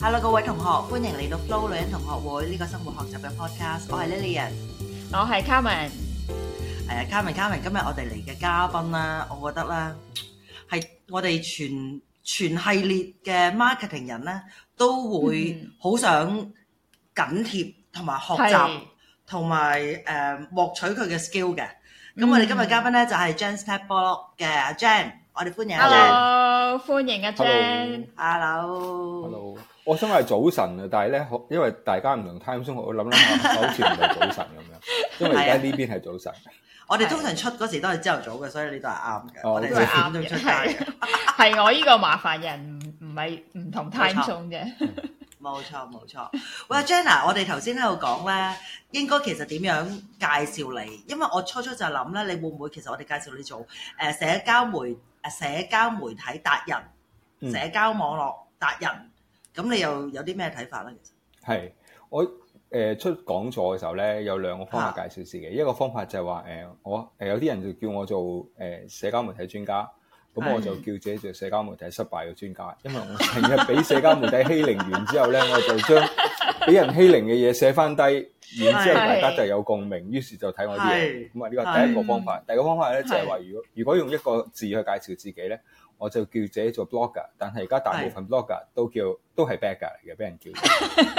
Hello，各位同學，歡迎嚟到 Flo 女人同學會呢個生活學習嘅 Podcast。我係 Lillian，我係 Carmen。係啊，Carmen，Carmen，今日我哋嚟嘅嘉賓咧，我覺得咧係我哋全全系列嘅 marketing 人咧，都會好想緊貼同埋學習，同埋誒獲取佢嘅 skill 嘅。咁、嗯、我哋今日嘉賓咧就係、是、Jan's Tech Blog 嘅阿 Jan，我哋歡迎阿 Jan。Hello，歡迎阿 Jan。Hello，Hello，Hello. Hello. 我想係早晨啊，但係咧，因為大家唔同 time zone 我諗諗下，好似唔係早晨咁樣， 因為而家呢邊係早晨。 我哋通常出嗰時都係朝頭早嘅，所以你都係啱嘅。 我哋四點鐘出街嘅，係、oh, okay. 我依 個麻煩人，唔唔係唔同 time zone 嘅。 錯 冇錯冇錯，喂 Jan，我哋頭先喺度講咧，應該其實點樣介紹你？因為我初初就諗咧，你會唔會其實我哋介紹你做誒社交媒誒社交媒體達人、社交網絡達人？咁你又有啲咩睇法咧？其實係我誒出講座嘅時候咧，有兩個方法介紹自己，一個方法就係話誒，我誒有啲人就叫我做誒社交媒體專家。咁我就叫自己做社交媒體失敗嘅專家，因為我成日俾社交媒體欺凌完之後呢， 我就將俾人欺凌嘅嘢寫翻低，然之後大家就有共鳴，於是就睇我啲嘢。咁啊，呢個第一個方法。 第二個方法呢，就係話，如果如果用一個字去介紹自己呢。我就叫自己做 blogger，但係而家大部分 blogger 都叫是都係 Beggar 嚟嘅，俾人叫。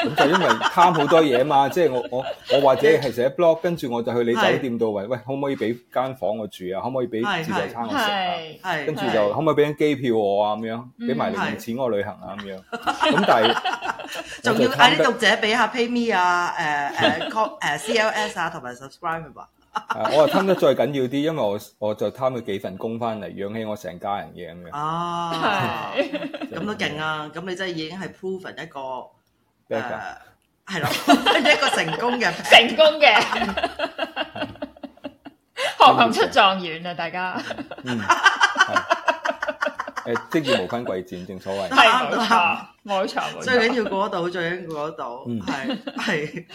咁就因為貪好多嘢啊嘛， 即係我我我或者係寫 blog，跟住我就去你酒店度問，喂可唔可以俾間房我住啊？可唔可以俾自助餐我食啊？跟住就可唔可以俾張機票我啊？咁樣俾埋零用錢我旅行啊？咁、嗯、樣咁但係仲要嗌啲讀者俾下 pay me 啊，誒、uh, 誒、uh, call 誒、uh, CLS 啊，同埋 subscribe 啊。我又貪得再緊要啲，因為我我就貪佢幾份工翻嚟養起我成家人嘅，咁樣。哦，咁都勁啊！咁你真係已經係 proven 一個誒，係咯，一個成功嘅，成功嘅，寒門出狀元啊！大家，誒，職業無分貴賤，正所謂係冇錯，冇錯，最緊要過得到，最緊要過得到，係係。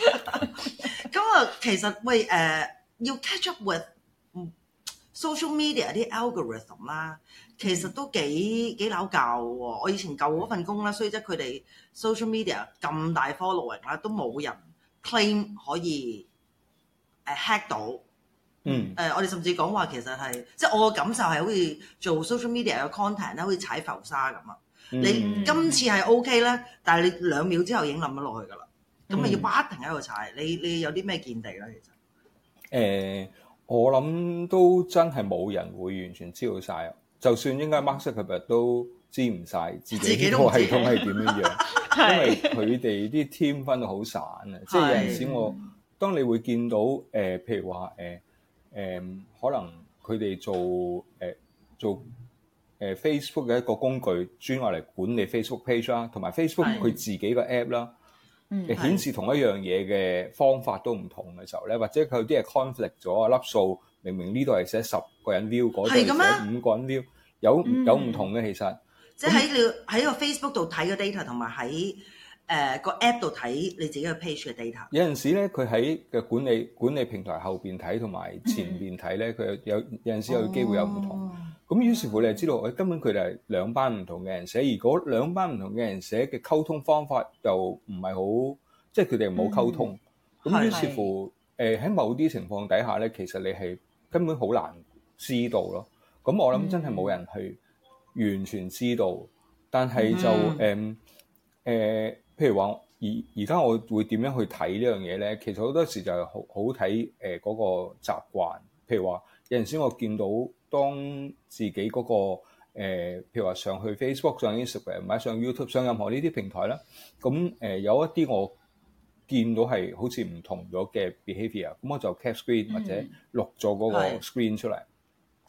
咁啊，其實喂誒。要 catch up with social media 啲 algorithm 啦，其實都幾幾扭計喎。我以前舊嗰份工啦，所以即係佢哋 social media 咁大 following 啦，都冇人 claim 可以誒 hack 到。嗯。誒，我哋甚至講話其實係即係我嘅感受係好似做 social media 嘅 content 咧，好似踩浮沙咁啊。Mm. 你今次係 OK 咧，但係你兩秒之後已經冧咗落去㗎啦。咁咪要不停喺度踩。你你有啲咩見地咧？其實。誒、呃，我諗都真係冇人會完全知道曬，就算應該 Microsoft 都知唔晒自己呢個系統係點樣樣， 因為佢哋啲 team 分到好散啊。 即係有陣時我，當你會見到誒、呃，譬如話誒誒，可能佢哋做誒、呃、做誒 Facebook 嘅一個工具，專愛嚟管理 Facebook page 啦、啊，同埋 Facebook 佢自己個 app 啦。你、嗯、顯示同一樣嘢嘅方法都唔同嘅時候咧，或者佢有啲係 conflict 咗啊！粒數明明呢度係寫十個人 view，嗰度寫五個人 view，有、嗯、有唔同嘅其實。即喺你喺個 Facebook 度睇個 data，同埋喺。那誒、uh, 個 app 度睇你自己嘅 page 嘅 data，有陣時咧佢喺嘅管理管理平台後邊睇同埋前邊睇咧，佢有有陣時有機會有唔同。咁、哦、於是乎你就知道，根本佢哋係兩班唔同嘅人寫。如果兩班唔同嘅人寫嘅溝通方法又唔係好，即係佢哋唔好溝通。咁、嗯、於是乎誒喺是、呃、某啲情況底下咧，其實你係根本好難知道咯。咁我諗真係冇人去完全知道，嗯、但係就誒誒。嗯嗯譬如話，而而家我會點樣去睇呢樣嘢咧？其實好多時就係好好睇誒嗰個習慣。譬如話有陣時，我見到當自己嗰、嗰個、呃、譬如話上去 Facebook、上 Instagram、買上 YouTube、上任何呢啲平台啦，咁誒、呃、有一啲我見到係好似唔同咗嘅 behavior，咁我就 cap screen 或者錄咗嗰個 screen 出嚟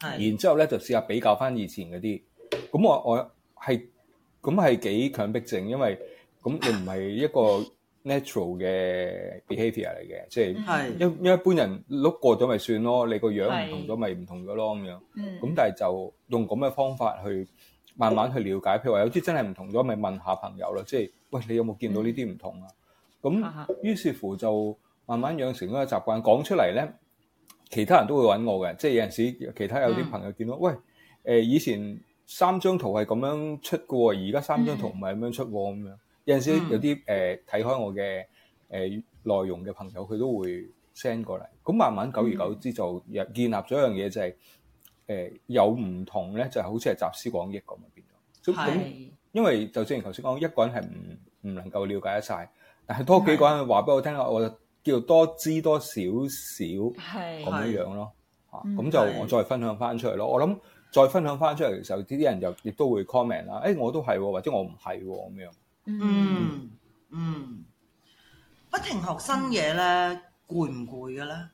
，mm hmm。然之後咧就試下比較翻以前嗰啲。咁我我係咁係幾強迫症，因為。咁你唔係一個 natural 嘅 behaviour 嚟嘅，即、就、係、是、一是一般人碌過咗咪算咯。你個樣唔同咗咪唔同咗咯咁樣，咁、嗯、但係就用咁嘅方法去慢慢去了解。譬如話有啲真係唔同咗，咪問下朋友咯。即、就、係、是、喂，你有冇見到呢啲唔同啊？咁於、嗯、是乎就慢慢養成一個習慣講出嚟咧，其他人都會揾我嘅。即、就、係、是、有陣時其他有啲朋友見到、嗯、喂誒、呃、以前三張圖係咁樣出過，而家三張圖唔係咁樣出喎咁、嗯、樣。有陣時有啲誒睇開我嘅誒、呃、內容嘅朋友，佢都會 send 過嚟。咁慢慢久而久之就建立咗一樣嘢、就係，呃、就係誒有唔同咧，就係好似係集思廣益咁啊，變咗。咁是因為就正如頭先講，一個人係唔唔能夠了解得晒，但係多幾個人話俾我聽，是我就叫多知多少少咁樣樣咯。嚇咁就我再分享翻出嚟咯。我諗再分享翻出嚟嘅時候，呢啲人又亦都會 comment 啦、哎。誒，我都係、哦，或者我唔係咁樣。嗯嗯，不停學新嘢咧，攰唔攰嘅咧？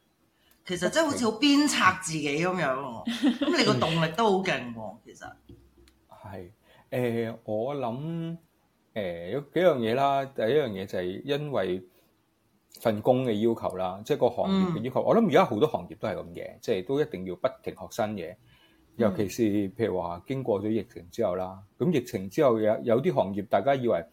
其實真係好似好鞭策自己咁樣，咁 你個動力都好勁喎。其實係誒，我諗誒有幾樣嘢啦。第一樣嘢就係因為份工嘅要求啦，即係個行業嘅要求。Mm hmm. 我諗而家好多行業都係咁嘅，即係都一定要不停學新嘢。尤其是譬如話經過咗疫情之後啦，咁疫情之後有有啲行業大家以為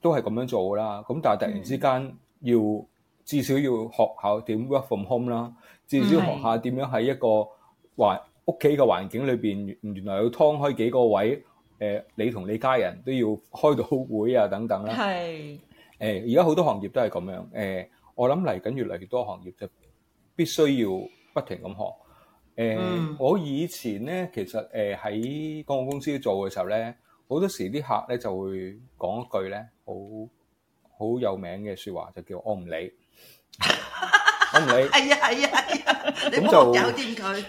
都係咁樣做㗎啦，咁但係突然之間要、嗯、至少要學下點 work from home 啦，至少學下點樣喺一個環屋企嘅環境裏邊，原來要劏開幾個位，誒、呃、你同你家人都要開到會啊等等啦。係誒是，而家好多行業都係咁樣誒、欸，我諗嚟緊越嚟越多行業就必須要不停咁學。誒，我以前咧，其實誒喺廣告公司做嘅時候咧，好多時啲客咧就會講一句咧，好好有名嘅説話，就叫我唔理，我唔理，係啊係啊係啊，咁就糾正佢，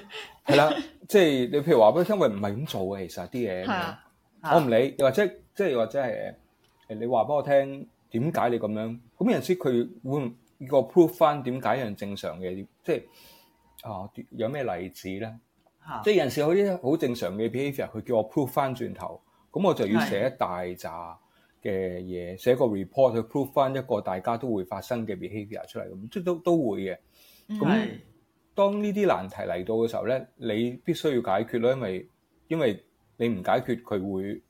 係啦，即係你譬如話俾佢聽，因為唔係咁做嘅，其實啲嘢，我唔理，又或者即係或者係誒，你話俾我聽，點解你咁樣？咁有時佢會個 prove 翻點解係正常嘅，即係。啊，有咩例子咧？啊、即係人事有啲好正常嘅 behaviour，佢叫我 prove 翻轉頭，咁我就要寫一大扎嘅嘢，是寫個 report 去 prove 翻一個大家都會發生嘅 behaviour 出嚟。咁即都都會嘅。咁是當呢啲難題嚟到嘅時候咧，你必須要解決咯，因為因為你唔解決佢會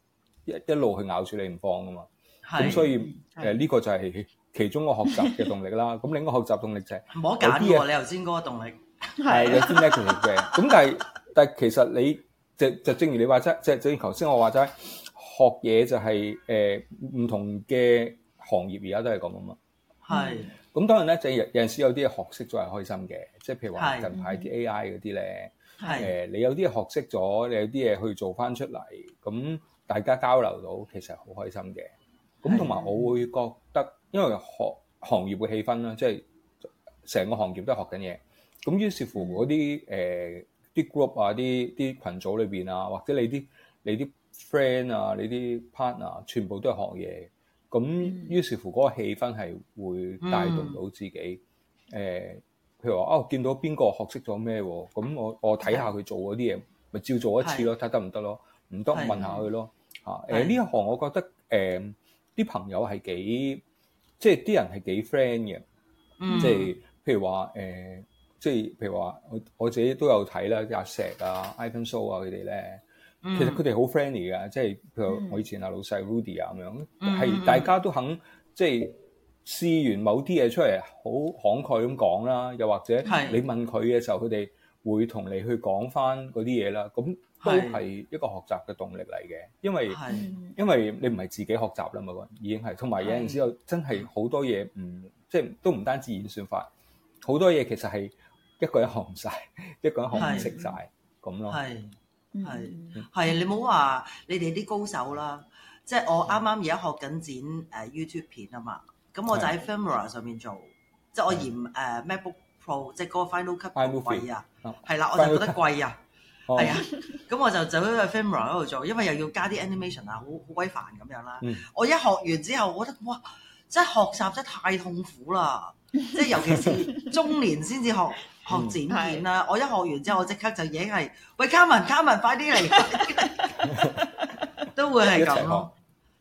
一一路去咬住你唔放㗎嘛。咁是所以誒，呢是、呃呢個就係其中個學習嘅動力啦。咁 另一個學習動力就係冇揀嘅喎。你頭先嗰個動力。係有啲咩嘅。咁，但係但係其實你就就正如你話齋，就是呃是嗯，即係正如頭先我話齋，學嘢就係誒唔同嘅行業而家都係咁啊。係咁，當然咧就有有陣時有啲嘢學識咗係開心嘅，即係譬如話近排啲 A I 嗰啲咧，誒是、呃，你有啲嘢學識咗，你有啲嘢去做翻出嚟，咁大家交流到其實好開心嘅。咁同埋我會覺得，因為行行業嘅氣氛啦，即係成個行業都係學緊嘢。咁於是乎，嗰啲誒啲 group 啊，啲啲群組裏邊啊，或者你啲你啲 friend 啊，你啲 partner 全部都係學嘢。咁於是乎，嗰個氣氛係會帶動到自己誒、嗯呃。譬如話哦，見到邊個學識咗咩喎？咁、嗯、我我睇下佢做嗰啲嘢，咪是照做一次咯，睇得唔得咯？唔得問下佢咯嚇。誒呢一行我覺得誒啲、呃、朋友係幾即係啲人係幾 friend 嘅，嗯、即係譬如話誒。呃呃呃即係譬如話，我我自己都有睇啦，阿石啊、iPhone Show 啊佢哋咧，呢嗯、其實佢哋好 friendly 㗎。即係譬如我以前阿老細 Rudy 啊咁樣，係、嗯、大家都肯即係試完某啲嘢出嚟，好慷慨咁講啦。嗯、又或者你問佢嘅時候，佢哋係會同你去講翻嗰啲嘢啦。咁都係一個學習嘅動力嚟嘅，因為係因為你唔係自己學習啦嘛，嗰個、人已經係。同埋有陣時又真係好多嘢唔即係都唔單止演算法，好多嘢其實係。一個人學唔晒，一個人學唔識晒咁咯。係係係，你冇話你哋啲高手啦。即係我啱啱而家學緊剪誒 YouTube 片啊嘛。咁我就喺 Filmora 上面做，即係我嫌誒 MacBook Pro 即係嗰個 Final Cut 貴啊，係啦，我就覺得貴啊，係啊。咁我就走咗去 Filmora 喺度做，因為又要加啲 animation 啊，好好鬼煩咁樣啦。我一學完之後，我覺得哇，即係學習真係太痛苦啦！即係尤其是中年先至學。學剪片啦！嗯、我一學完之後，我即刻就影係，喂，卡文，卡文，快啲嚟，都會係咁咯，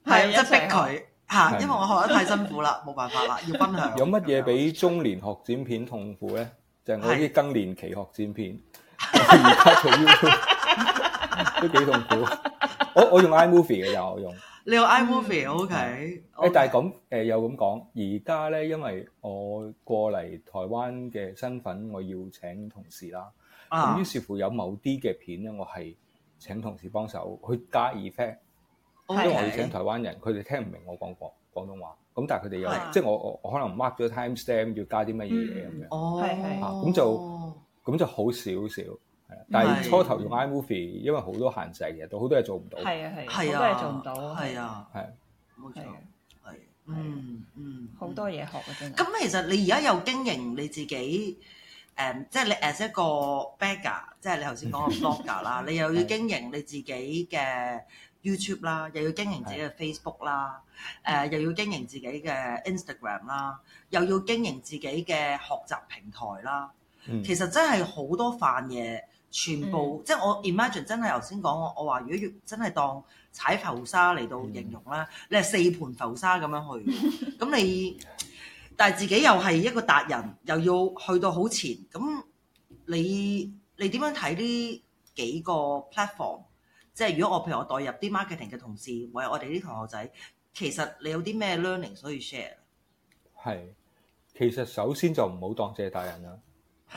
係即逼佢他吓，是因為我學得太辛苦啦，冇 辦法啦，要分享。有乜嘢比中年學剪片痛苦咧？就係，我啲更年期學剪片，而家是做 YouTube 都幾痛苦。我我用 iMovie 嘅又用，你有 iMovie OK？誒、okay，但係咁誒又咁講，而家咧，因為我過嚟台灣嘅身份，我要請同事啦。咁、啊、於是乎有某啲嘅片咧，我係請同事幫手去加 effect，啊、因為我要請台灣人，佢哋聽唔明我講廣廣東話。咁但係佢哋又即係我我可能 mark 咗 time stamp 要加啲乜嘢嘢咁樣。哦，係係、啊。咁就咁就好少少。但係初頭用 iMovie，因為好多限制，嘅。其實都好多嘢做唔到。係啊係，啊，好多嘢做唔到。係啊係，冇錯，係，嗯嗯，好多嘢學啊真係。咁其實你而家又經營你自己，誒、嗯，即係你 as 一個 blogger，即係你頭先講個 vlogger 啦， 你又要經營你自己嘅 YouTube 啦，又要經營自己嘅 Facebook 啦，誒，又要經營自己嘅 Instagram 啦，又要經營自己嘅學習平台啦，其實真係好多飯嘢。全部、嗯、即係我 imagine 真係頭先講，我話如果要真係當踩浮沙嚟到形容啦，嗯、你係四盤浮沙咁樣去，咁、嗯、你但係自己又係一個達人，又要去到好前，咁你你點樣睇呢幾個 platform？即係如果我譬如我代入啲 marketing 嘅同事或者我哋啲同學仔，其實你有啲咩 learning 可以 share？係，其實首先就唔好當謝達人啦。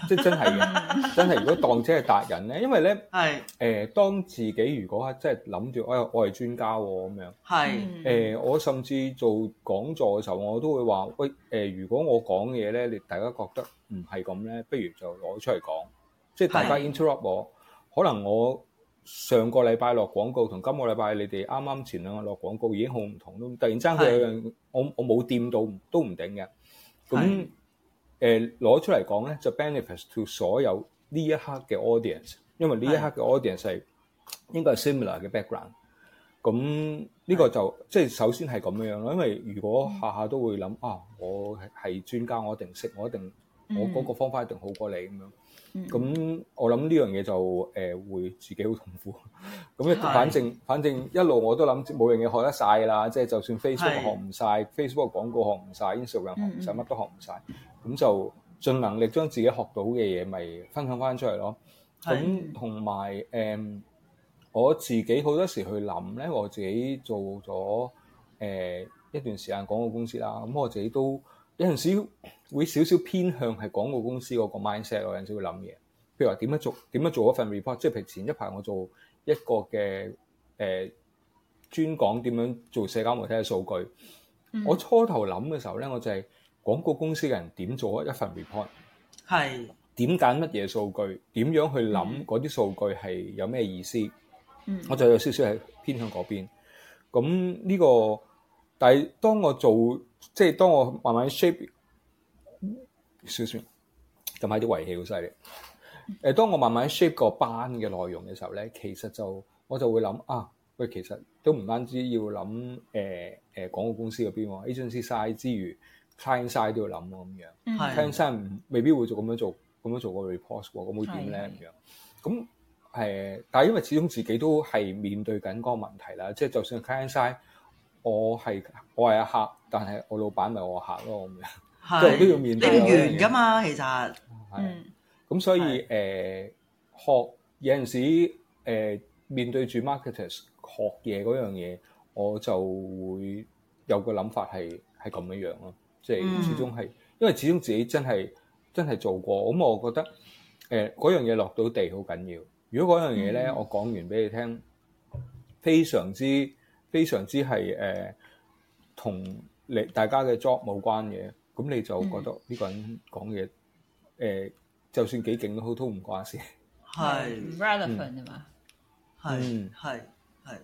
即真係真係如果當真係達人咧， 因為咧呢，誒是、呃，當自己如果真係諗住，哎我係專家喎、哦、咁樣，係誒是、呃，我甚至做講座嘅時候，我都會話，喂，誒、呃，如果我講嘢咧，你大家覺得唔係咁咧，不如就攞出嚟講，即大家 interrupt 我，是可能我上個禮拜落廣告，同今個禮拜你哋啱啱前兩日落廣告已經好唔同咯，突然之間佢有，是有樣，我我冇掂到都唔頂嘅，咁。誒攞、呃、出嚟講咧，就 benefits to 所有呢一刻嘅 audience，因為呢一刻嘅 audience 係的應該係 similar 嘅 background、嗯。咁呢、嗯、個就即係首先係咁樣咯，因為如果下下都會諗啊，我係係專家，我一定識，我一定我嗰個方法一定好過你咁、嗯、樣。咁、嗯、我諗呢樣嘢就誒、呃、會自己好痛苦。咁 反正是反正一路我都諗冇樣嘢學得晒噶啦，即、就、係、是、就算學是 Facebook 學唔晒，Facebook 廣告學唔晒，Instagram 學唔晒，乜、嗯、都學唔晒。咁、嗯、就盡能力將自己學到嘅嘢，咪分享翻出嚟咯。咁同埋誒，我自己好多時去諗呢我自己做咗誒、呃、一段時間廣告公司啦，咁、嗯、我自己都。有陣時會少少偏向係廣告公司嗰個 mindset，我有陣時會諗嘢，譬如話點樣做點樣做一份 report，即係譬如前一排我做一個嘅誒、呃、專講點樣做社交媒體嘅數據。嗯、我初頭諗嘅時候咧，我就係廣告公司嘅人點做一份 report，係點揀乜嘢數據，點樣去諗嗰啲數據係有咩意思？嗯、我就有少少係偏向嗰邊。咁呢、呢個。但係當我做即係當我慢慢 shape 少少，咁咪啲遺棄好犀利。誒，當我慢慢 shape 個班嘅內容嘅時候咧，其實就我就會諗啊，喂，其實都唔單止要諗誒誒廣告公司嗰邊 agency side 之餘，client side 都要諗咁樣。client、hmm. side 未必會做咁樣做，咁樣做個 report 喎、啊，咁會點咧咁樣呢？咁誒是、呃，但係因為始終自己都係面對緊嗰個問題啦，即係就算 client side 我係我係阿客，但係我老闆咪我客咯咁樣，即係是 都要面對。完噶嘛，其實。係是。咁、嗯、所以誒是、呃，學有陣時誒、呃、面對住 marketers 學嘢嗰樣嘢，我就會有個諗法係係咁樣樣咯。即、就、係、是、始終係，嗯、因為始終自己真係真係做過，咁、嗯、我覺得誒嗰、呃、樣嘢落到地好緊要。如果嗰樣嘢咧，嗯、我講完俾你聽，非常之。非常之係誒，同、呃、你大家嘅 job 冇關嘅，咁你就覺得呢個人講嘢誒，就算幾勁都好是都唔關事。係 relevant 啊嘛，係係係。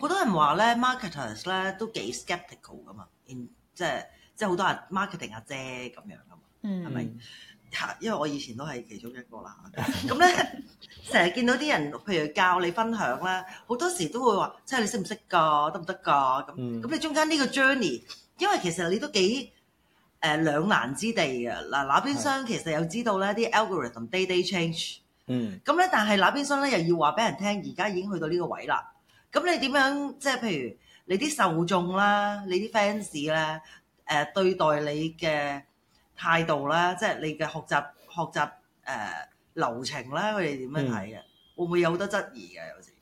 好多人、啊、話咧，marketers 咧、啊、都幾 skeptical 噶嘛，即係即係好多人 marketing 阿姐咁樣噶嘛，係咪？因為我以前都係其中一個啦。咁咧。成日見到啲人，譬如教你分享啦，好多時都會話，即係你識唔識㗎？得唔得㗎？咁咁、嗯、你中間呢個 journey，因為其實你都幾誒、呃、兩難之地嘅。嗱，呢邊廂其實又知道咧啲 algorithm day day change，咁咧、嗯，但係呢邊廂咧又要話俾人聽，而家已經去到呢個位啦。咁你點樣？即係譬如你啲受眾啦，你啲 fans 咧、呃，誒對待你嘅態度啦，即係你嘅學習學習誒。呃流程咧，佢哋點樣睇嘅？會唔會有好多質疑嘅？有時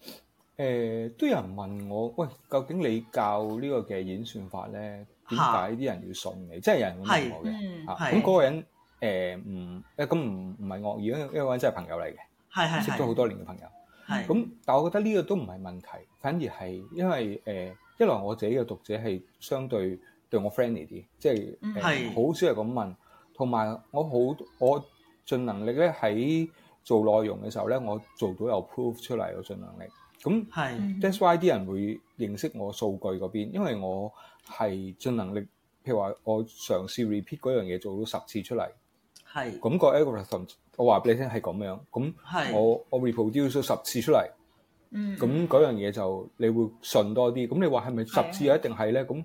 誒都有人問我，喂，究竟你教呢個嘅演算法咧，點解啲人要送你？即係有人咁問我嘅嚇。咁嗰個人誒唔誒咁唔唔係惡意，因為因為嗰個人真係朋友嚟嘅，係係識咗好多年嘅朋友。係咁，但係我覺得呢個都唔係問題，反而係因為誒，一來我自己嘅讀者係相對對我 friendly 啲，即係誒好少係咁問，同埋我好我。盡能力咧，喺做內容嘅時候咧，我做到有 proof 出嚟嘅盡能力。咁係，that's why 啲人會認識我數據嗰邊，因為我係盡能力。譬如話，我嘗試 repeat 嗰樣嘢做到十次出嚟，係。咁個 algorithm，我話俾你聽係咁樣。咁係，我我 reproduce 咗十次出嚟，嗯。咁嗰樣嘢就你會信多啲。咁你話係咪十次就一定係咧？咁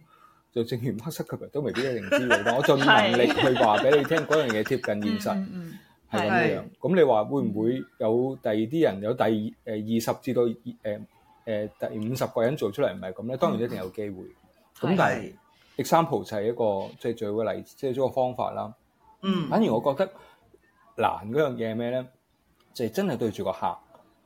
就正如黑塞級嘅，都未必一定知道。但我盡能力去話俾你聽，嗰樣嘢貼近現實。嗯嗯。係咁樣樣，咁是你話會唔會有第二啲人有第誒二十至到誒誒第五十個人做出嚟唔係咁咧？當然一定有機會。咁是但係 example 就係一個即係、就是、最好嘅例子，即、就、係、是、一個方法啦。嗯，反而我覺得難嗰樣嘢係咩咧？就係、是、真係對住個客，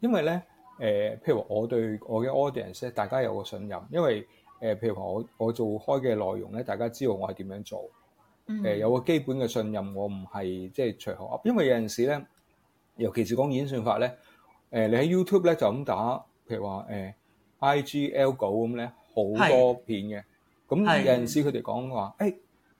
因為咧誒、呃，譬如我對我嘅 audience 咧，大家有個信任，因為誒、呃，譬如我我做開嘅內容咧，大家知道我係點樣做。誒有個基本嘅信任，我唔係即係隨口噏，因為有陣時咧，尤其是講演算法咧，誒你喺 YouTube 咧就咁打，譬如話誒 IG algo 咁咧，好多片嘅，咁有陣時佢哋講話，誒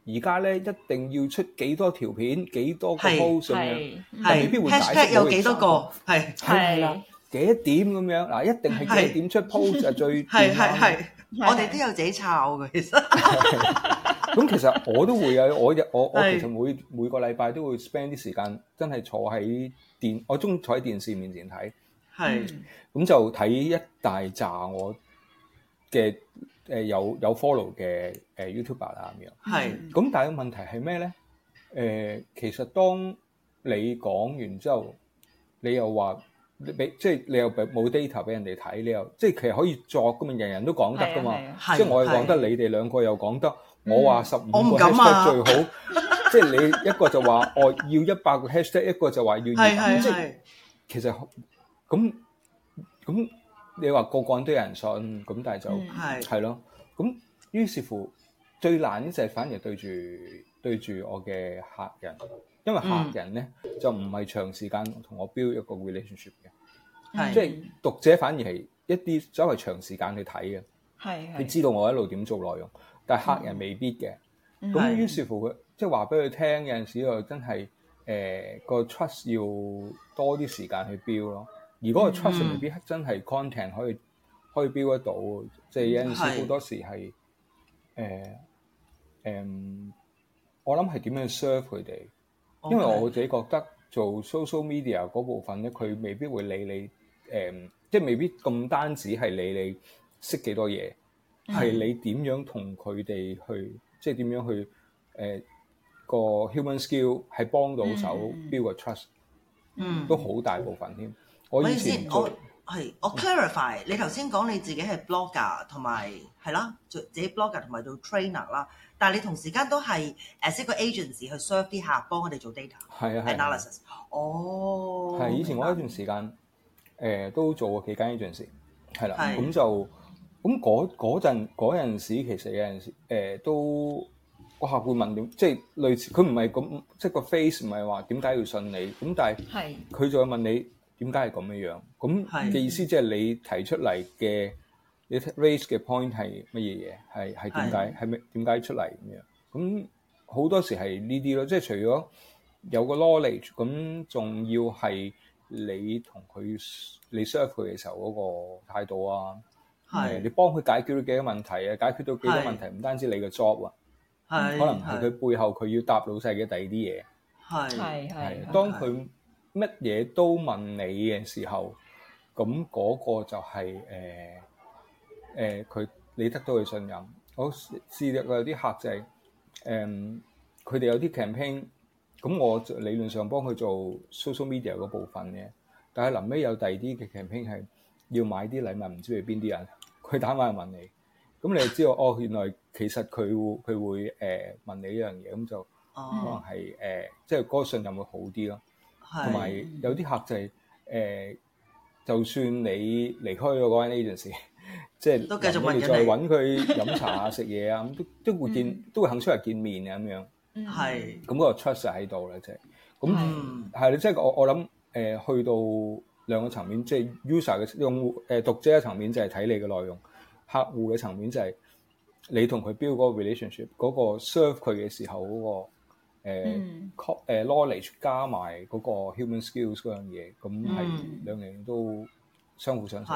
而家咧一定要出幾多條片，幾多個 post 咁樣，係，係，有幾多個，係係啊，幾點咁樣嗱，一定係幾點出 post 就最，係係係，我哋都有自己抄嘅，其實。咁 其實我都會啊！我日我我其實每每個禮拜都會 spend 啲時間，真係坐喺電，我中意坐喺電視面前睇。係是，咁、嗯、就睇一大紮我嘅誒、呃、有有 follow 嘅誒 YouTuber 啦，咁樣。係是，咁但係問題係咩咧？誒、呃，其實當你講完之後，你又話。你俾即係，你又冇 data 俾人哋睇，你又即係其實可以作噶嘛，人人都講得噶嘛，即係我講得，的你哋兩個又講得，嗯、我話十五個 hashtag、啊、 最好， 即係你一個就話我要一百個 hashtag，一個就話要二的，百即係其實咁，咁你話個個人都有人信，咁但係就係係咯，咁、嗯、於是乎最難就係反而對住對住我嘅客人，因為客人咧就唔係長時間同我 build 一個 relationship 嘅，即係讀者反而係一啲稍微長時間去睇嘅，係你是知道我一路點做內容，但係客人未必嘅。咁、嗯、於是乎佢即係話俾佢聽，有陣時又真係誒、呃、個 trust 要多啲時間去 build 咯。如果個 trust 未必真係 content 可以可以 build 得到，嗯、即係有陣時好多時係誒誒，我諗係點樣 serve 佢哋。Okay. 因為我自己覺得做 social media 嗰部分咧，佢未必會理你，誒、嗯，即係未必咁單止係理你識幾多嘢，係、嗯、你點樣同佢哋去，即係點樣去誒、呃、個 human skill 係幫到手，build 個 trust，嗯，a trust，嗯都好大部分添。嗯、我以前我係我 clarify、嗯、你頭先講你自己係 blogger 同埋係啦，自己 blogger 同埋做 trainer 啦。但係你同時間都係誒識個 agency 去 serve 啲客，幫我哋做 data analysis。哦，係以前我一段時間誒都做過幾間 agency，係啦，咁就咁嗰嗰陣嗰陣時，其實有陣時誒都個客戶問點，即係類似佢唔係咁即係個 face，唔係話點解要信你，咁但係佢就會問你點解係咁樣樣，咁嘅意思即係你提出嚟嘅。你 raise 嘅 point 係乜嘢嘢？係係點解？係咪點解出嚟咁樣？咁好是多時係呢啲咯。即係除咗有個 knowledge，咁仲要係你同佢你 serve 佢嘅時候嗰個態度啊。係是、啊、你幫佢解決咗幾多問題啊？解決到幾多問題唔單止你嘅 job 啊，是可能佢背後佢要答老細嘅第啲嘢。係係係。當佢乜嘢都問你嘅時候，咁、那、嗰個就係、是、誒。呃誒佢、呃、你得到佢信任，我試略有啲客製誒、就是，佢、嗯、哋有啲 campaign 咁、嗯，我理論上幫佢做 social media 個部分嘅。但係臨尾有第二啲嘅 campaign 係要買啲禮物，唔知俾邊啲人佢打埋問你，咁、嗯、你就知道哦。原來其實佢佢會誒、呃、問你呢樣嘢，咁、嗯、就可能係誒即係嗰個信任會好啲咯。同埋、oh. 有啲是客製誒、就是呃，就算你離開咗嗰間 agency。即係我哋再搵佢飲茶 啊、食嘢啊，都都會見， 嗯、都會肯出嚟見面啊，咁樣。係是。咁個 trust 喺度啦，即係、嗯。咁係你即係我我諗誒、呃，去到兩個層面，即係 user 嘅用誒讀者嘅層面就係睇你嘅內容，客戶嘅層面就係你同佢 build 嗰個 relationship，嗰個 serve 佢嘅時候嗰、那個誒 knowledge、呃嗯、加埋嗰個 human skills 嗰樣嘢，咁係兩樣都相互相成。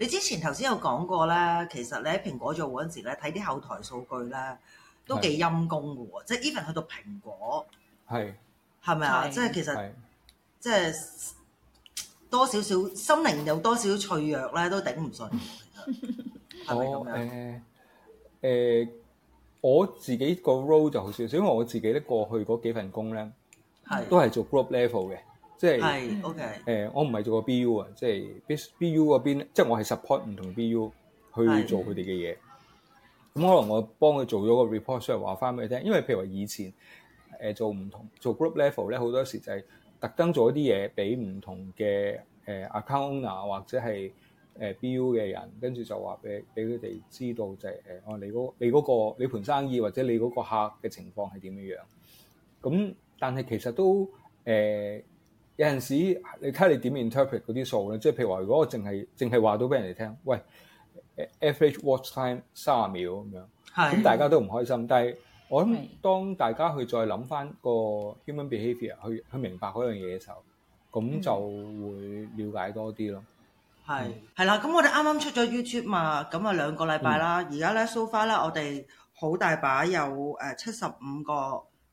你之前頭先有講過咧，其實你喺蘋果做嗰陣時咧，睇啲後台數據咧，都幾陰功嘅喎，即係 even 去到蘋果，係係咪啊？即係其實即係多少少心靈有多少脆弱咧，都頂唔順。其實，係咪咁樣？哦、誒誒，我自己個 role 就好少少，因為我自己咧過去嗰幾份工咧，都係做 group level 嘅。即係誒、okay. 呃，我唔係做個 B U 啊，即係 B B U 嗰邊，即係我係 support 唔同 B U 去做佢哋嘅嘢。咁的可能我幫佢做咗個 report 出嚟，話翻俾你聽。因為譬如話以前誒、呃、做唔同做 group level 咧，好多時就係特登做一啲嘢俾唔同嘅誒、呃、account owner 或者係誒、呃、B U 嘅人，跟住就話俾俾佢哋知道就係誒我你嗰、嗰個、你嗰、嗰個你盤、嗰個、生意或者你嗰個客嘅情況係點樣樣咁。咁但係其實都誒。呃有陣時，你睇你點 interpret 嗰啲數咧，即係譬如話，如果我淨係淨係話到俾人哋聽，喂 average watch time 30秒咁樣，咁是大家都唔開心。但係我諗，當大家去再諗翻個 human behavior 去去明白嗰樣嘢嘅時候，咁就會了解多啲咯。係係是、嗯、啦，咁我哋啱啱出咗 YouTube 嘛，咁啊兩個禮拜啦，而家咧 so far 咧，我哋好大把有誒七十五個。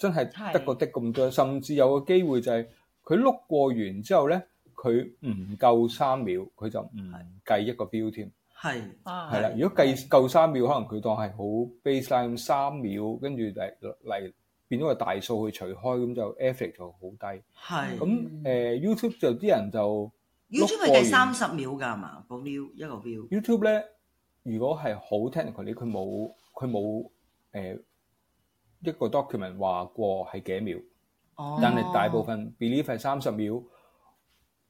真係得個的咁多，甚至有個機會就係佢碌過完之後咧，佢唔夠三秒，佢就唔計一個 view 添。係、嗯，係啦是。如果計夠三秒，可能佢當係好 baseline 三秒，跟住嚟嚟變咗個大數去除開，咁就 effort 就好低。係是。咁誒、呃、YouTube 就啲人就 YouTube 係計三十秒㗎嘛？個 view 一個 view。YouTube 咧，如果係好 technical 啲，佢冇佢冇誒。呃一個 document 話過係幾秒，oh. 但係大部分 belief 係三十秒，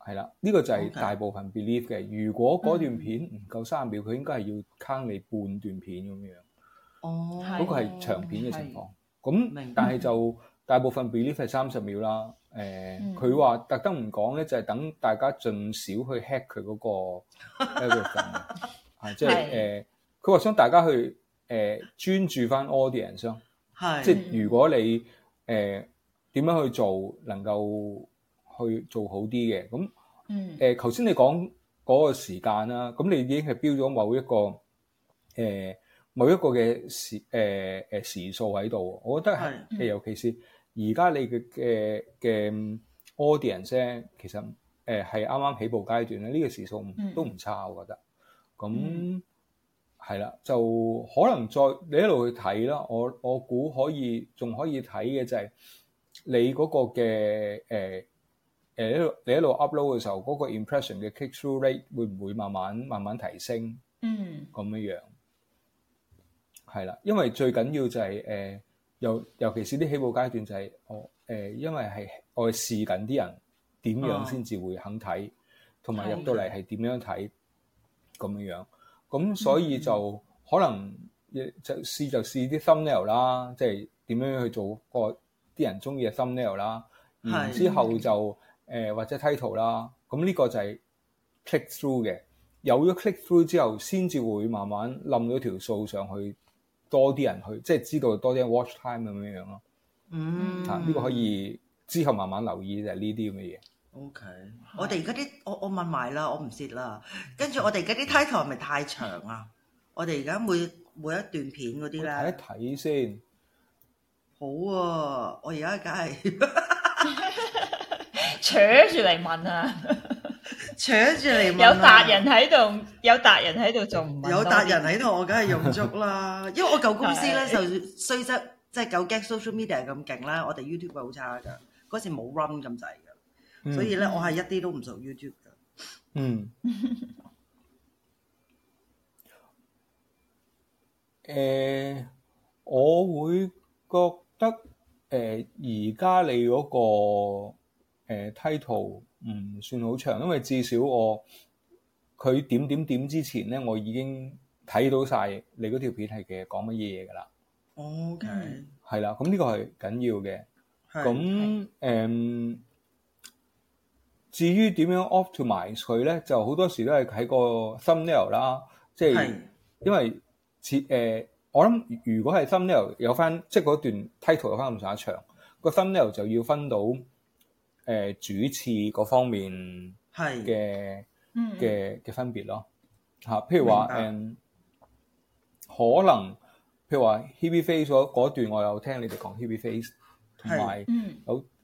係啦。呢、這個就係大部分 belief 嘅。Okay. 如果嗰段片唔夠三十秒，佢、mm. 應該係要坑你半段片咁樣。哦，嗰個係長片嘅情況。咁、oh. 嗯，但係就大部分 belief 係三十秒啦。誒、呃，佢話特登唔講咧，就係、是、等大家盡少去 hack 佢嗰、那個 document 啊，即係誒，佢、就、話、是呃、想大家去誒、呃、專注返 audience。係，是即係如果你誒點、呃、樣去做，能夠去做好啲嘅，咁、嗯、誒，頭先、嗯呃、你講嗰個時間啦、啊，咁你已經係標咗某一個誒、呃、某一個嘅時誒誒、呃、時數喺度，我覺得係、嗯、尤其是而家你嘅嘅嘅 audience，其實誒係啱啱起步階段咧，呢、這個時數、嗯、都唔差，我覺得咁。嗯嗯係啦，就可能再你一路去睇啦。我我估可以，仲可以睇嘅就係你嗰個嘅誒誒，你你一路 upload 嘅時候，嗰、嗰個 impression 嘅 kick through rate 會唔會慢慢慢慢提升？嗯、mm，咁、hmm。樣樣係啦。因為最緊要就係誒，尤、呃、尤其是啲起步階段就係我誒，因為係我試緊啲人點樣先至會肯睇，同埋入到嚟係點樣睇咁樣樣。咁所以就可能嘢就試就試啲 Thumbnail 啦，即係點樣去做個啲人中意嘅 Thumbnail 啦。是然之後就誒、呃、或者 title 啦。咁呢個就係 click through 嘅。有咗 click through 之後先至會慢慢冧咗條數上去，多啲人去即係知道多啲 watch time 咁樣樣咯。嗯，吓呢個可以之後慢慢留意就係呢啲咁嘅嘢。OK，我哋而家啲我我問埋啦，我唔蝕啦。跟住我哋而家啲 title 係咪太長啊？我哋而家每每一段片嗰啲咧，睇一睇先。好啊，我而家梗係扯住嚟問啊，扯住嚟問啊。有達人喺度，有達人喺度，仲唔係有達人喺度？我梗係用足啦，因為我舊公司咧就雖則即係夠 get social media 咁勁啦，我哋 YouTube 係好差噶，嗰時冇 run 咁滯。所以咧，我係一啲都唔熟 YouTube 噶。嗯。誒，我會覺得誒，而、呃、家你嗰、那個、呃、title 唔算好長，因為至少我佢點點點之前咧，我已經睇到晒你嗰條片係嘅講乜嘢嘢噶啦。OK、嗯。係、這、啦、個，咁呢個係緊要嘅。咁誒那。是嗯至於點樣 optimize 佢咧，就好多時都係喺個 Thumbnail 啦，即、就、係、是、是因為設誒、呃，我諗如果係 Thumbnail 有翻，即係嗰段 title 有翻咁上下長，個 Thumbnail 就要分到誒、呃、主次嗰方面嘅嘅嘅分別咯。嚇、啊，譬如話誒，白可能譬如話 heavy face 嗰段，我有聽你哋講 heavy face 同埋是有。嗯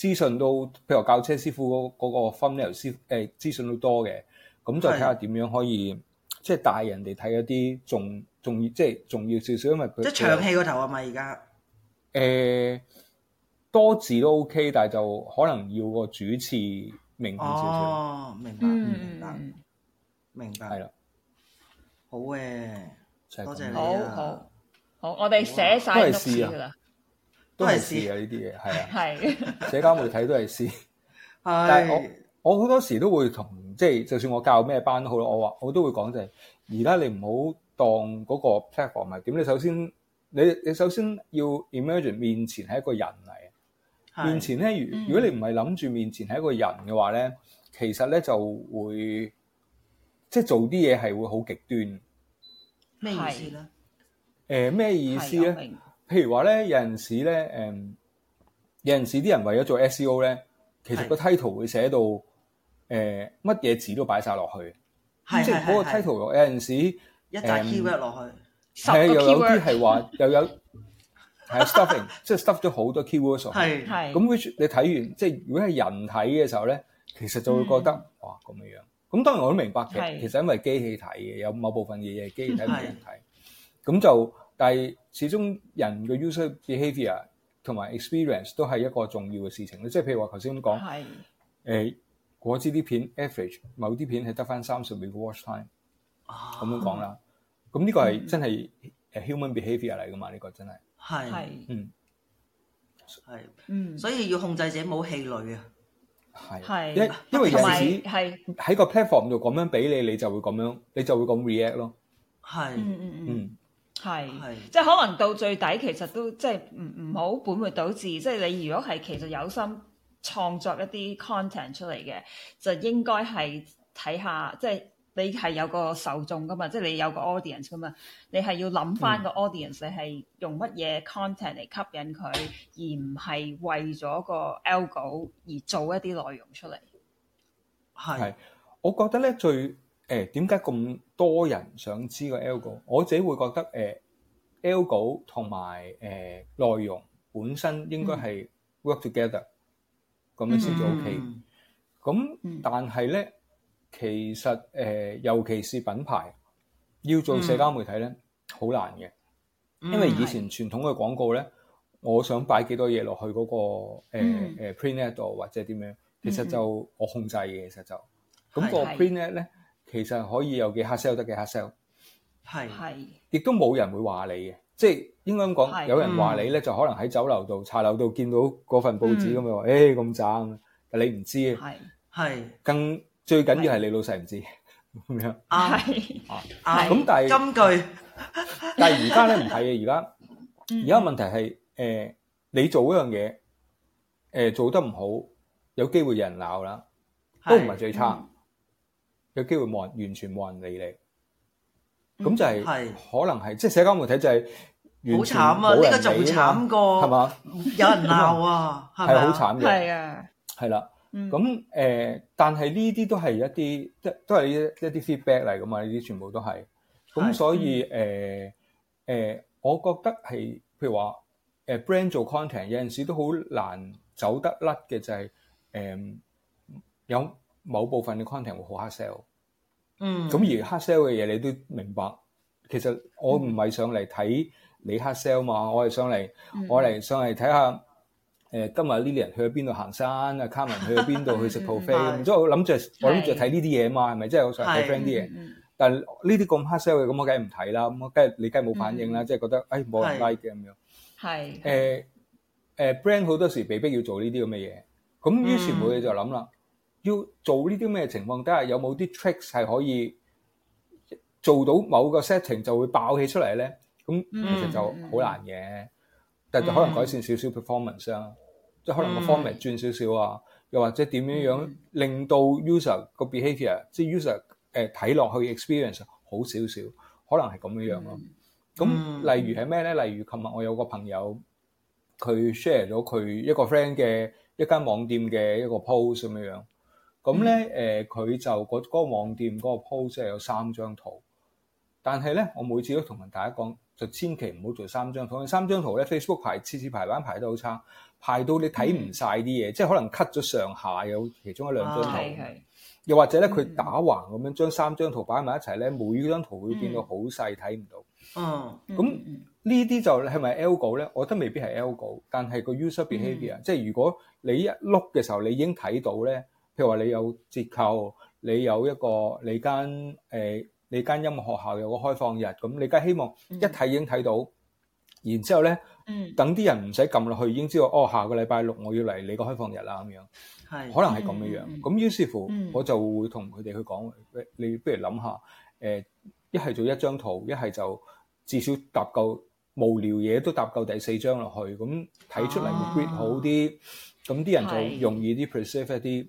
資訊都，譬如教車師傅嗰嗰個分流資訊都多嘅，咁就睇下點樣可以，的即係帶人哋睇一啲仲仲，即係重要少少，因為佢即係長氣嗰頭啊嘛，而家誒多字都 OK，但係就可能要個主持明確少少。哦，明白，嗯、明白，明白，明白的。係啦，好嘅，多謝你、啊好，好好，好，我哋寫晒。都係、啊、試啊。都係試啊！呢啲嘢係啊，社交媒體都係試。 是但係我我好多時都會同即係，就是、就算我教咩班都好咯，我話我都會講就係、是：而家你唔好當嗰 Platform 係點？你首先你你首先要 imagine 面前係一個人嚟啊！是面前咧，如果你唔係諗住面前係一個人嘅話咧，嗯、其實咧就會即係、就是、做啲嘢係會好極端。咩意思呢？誒是，咩、呃、意思啊？譬如話咧，有陣時咧，誒，有陣時啲人為咗做 SEO 咧，其實個 title 會寫到誒乜嘢字都擺晒落去，即係嗰個 title 有陣時一紮 keyword 落去，十個 keyword 又有啲係話又有係啊 stuffing，即係 stuff 咗好多 keyword 上去，咁 which 你睇完，即係如果係人睇嘅時候咧，其實就會覺得哇咁嘅樣。咁當然我都明白嘅，其實因為機器睇嘅有某部分嘢嘢機器睇唔到人睇，咁就第。始終人嘅 user behavior 同埋 experience 都係一個重要嘅事情咯，即係譬如話頭先咁講，誒是、欸，果枝啲片 average 某啲片係得翻三十秒嘅 watch time，咁、啊、樣講啦，咁呢個係真係 human behavior 嚟噶嘛？呢、這個真係係，是嗯，係是，嗯，所以要控制者冇氣餒啊，係是，係是，因因為即使喺個 platform 度咁樣俾你，你就會咁樣，你就會咁 react 咯，係是，嗯嗯嗯。嗯係，是是即係可能到最底，其實都即係唔唔好本末倒置。即係你如果係其實有心創作一啲 content 出嚟嘅，就應該係睇下，即係你係有個受眾㗎嘛，即係你有個 audience 㗎嘛，你係要諗返個 audience，你係用乜嘢 content 嚟吸引佢，嗯、而唔係為咗個 algo 而做一啲內容出嚟。係是，是我覺得咧最。誒點解咁多人想知個 algo？我自己會覺得誒 algo、呃、同埋誒、呃、內容本身應該係 work together 咁、嗯、樣先至 OK。咁、嗯、但係咧，其實誒、呃、尤其是品牌要做社交媒體咧，好、嗯、難嘅，因為以前傳統嘅廣告咧，嗯、我想擺幾多嘢落去嗰、那個誒、嗯呃、print ad 度或者點樣，其實就、嗯嗯、我控制嘅，其實就咁個 print ad 咧。其實可以有幾 hard sell 得幾 hard sell，係係，亦都冇人會話你嘅，即係應該咁講。有人話你咧，就可能喺酒樓度、茶樓度見到嗰份報紙咁樣話，誒咁渣，但你唔知嘅，係係。更最緊要係你老細唔知，咁樣啱，啱。咁但係根據，但係而家咧唔係啊，而家而家問題係誒，你做一樣嘢誒做得唔好，有機會有人鬧啦，都唔係最差。有機會冇人，完全冇人理你。咁就係可能係，即係社交媒體就係好慘啊！呢個仲慘過，係嘛？有人鬧啊，係啊，好慘嘅，係啊，係啦。咁誒，但係呢啲都係一啲，即係都係一啲 feedback 嚟㗎嘛。呢啲全部都係。咁所以誒誒，我覺得係譬如話誒 brand 做 content 有陣時都好難走得甩嘅，就係誒有。某部分嘅 content 會好 hard sell，嗯，咁而 hard sell 嘅嘢你都明白。其實我唔係上嚟睇你 hard sell 嘛，我係上嚟，我嚟上嚟睇下，誒，今日呢啲人去邊度行山啊？Carmen 去邊度去食 buffet？咁所以我諗住我諗住睇呢啲嘢嘛，係咪？即係我想睇 friend 啲嘢。但係呢啲咁 hard sell 嘅，咁我梗係唔睇啦。咁我梗係你梗係冇反應啦。即係覺得誒冇人 like 嘅咁樣。係誒誒 brand 好多時被逼要做呢啲咁嘅嘢。咁於是佢就諗啦。要做呢啲咩情況底下有冇啲 tricks 係可以做到某個 setting 就會爆起出嚟咧？咁其實就好難嘅，但就可能改善少少 performance，啦、啊，嗯、即係可能個 format 轉少少啊，又或者點樣樣令到 user 個 behavior 即係、嗯、user 誒睇落去 experience 好少少，可能係咁樣樣、啊、咯。咁例如係咩咧？例如琴日我有個朋友佢 share 咗佢一個 friend 嘅一間網店嘅一個 post 咁樣樣。咁咧，誒佢就嗰嗰個網店嗰個 post 係有三張圖，但係咧，我每次都同大家講，就千祈唔好做三張圖。三張圖咧，Facebook 排次次排版排得好差，排到你睇唔晒啲嘢，即係可能 cut 咗上下有其中一兩張圖，又或者咧佢打橫咁樣將三張圖擺埋一齊咧，每張圖會變到好細，睇唔到。哦，咁呢啲就係咪 algo 咧？我覺得未必係 algo，但係個 user behavior，即係如果你一碌嘅時候，你已經睇到咧。譬如話你有折扣，你有一個你間誒、呃、你間音樂學校有個開放日，咁、嗯嗯嗯嗯、你梗係希望一睇已經睇到，然之後咧，等啲人唔使撳落去，已經知道哦，下個禮拜六我要嚟你個開放日啦咁樣，係可能係咁嘅樣。咁於、嗯嗯嗯、是乎我就會同佢哋去講，嗯嗯、你不如諗下誒，一、呃、係做一張圖，一係就至少搭夠無聊嘢都搭夠第四張落去，咁睇出嚟會 fit 好啲，咁啲、哦嗯、人，人就容易啲 perceive 一啲。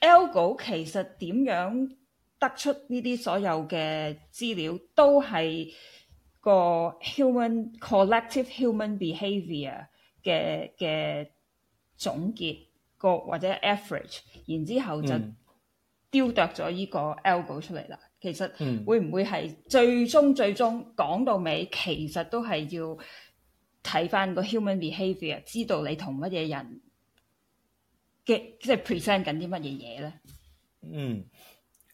Algo 其實點樣得出呢啲所有嘅資料，都係個 human collective human behavior 嘅嘅總結個或者 average，然之後就雕琢咗依個 algo 出嚟啦。嗯、其實會唔會係最終最終講到尾，其實都係要睇翻個 human behavior，知道你同乜嘢人。嘅即係 present 緊啲乜嘢嘢咧？嗯，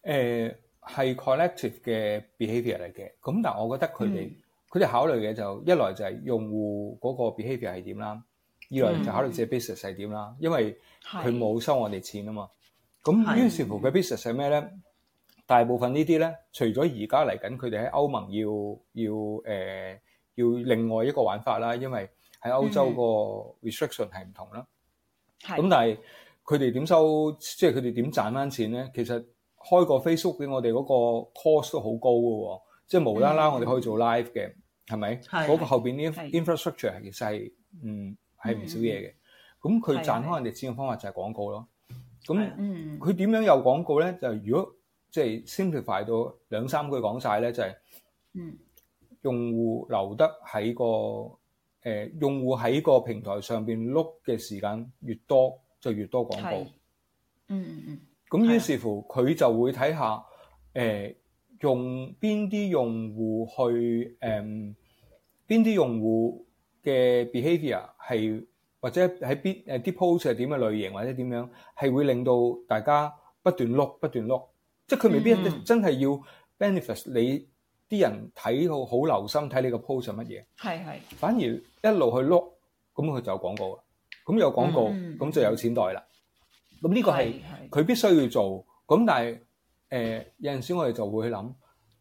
誒係 collective 嘅 behavior 嚟嘅。咁但係我覺得佢哋佢哋考慮嘅就一來就係用戶嗰個 behavior 係點啦，二來就考慮自己 business 係點啦。因為佢冇收我哋錢啊嘛。咁於是乎佢 business 係咩咧？大部分呢啲咧，除咗而家嚟緊佢哋喺歐盟要要誒要另外一個玩法啦，因為喺歐洲個 restriction 係唔同啦。咁、嗯、但係佢哋點收，即係佢哋點賺翻錢咧？其實開個 Facebook 俾我哋嗰個 course 都好高嘅、哦，即係無啦啦我哋可以做 live 嘅，係咪、mm？嗰、hmm. 的個後邊啲 infrastructure 的其實係嗯係唔少嘢嘅。咁佢賺翻人哋錢嘅方法就係廣告咯。咁佢點樣有廣告咧？就如果即係、就是、simplify 到兩三句講晒咧，就係、是、用戶留得喺個。Mm hmm. mm hmm. 誒、呃、用戶喺個平台上邊碌嘅時間越多，就越多廣告。嗯嗯嗯。咁、嗯、於是乎佢就會睇下誒的、呃、用邊啲用戶去誒邊啲用戶嘅 behaviour 係，或者喺邊誒啲 post 係點嘅類型或者點樣係會令到大家不斷碌不斷碌，即係佢未必一定真係要 benefit、嗯嗯、你。啲人睇到好留心，睇你個 post 係乜嘢，係係是。反而一路去碌，o 咁佢就有廣告，告，咁有廣告，咁就有錢袋啦。咁呢個係佢必須要做。咁但係誒、呃、有陣時，我哋就會去諗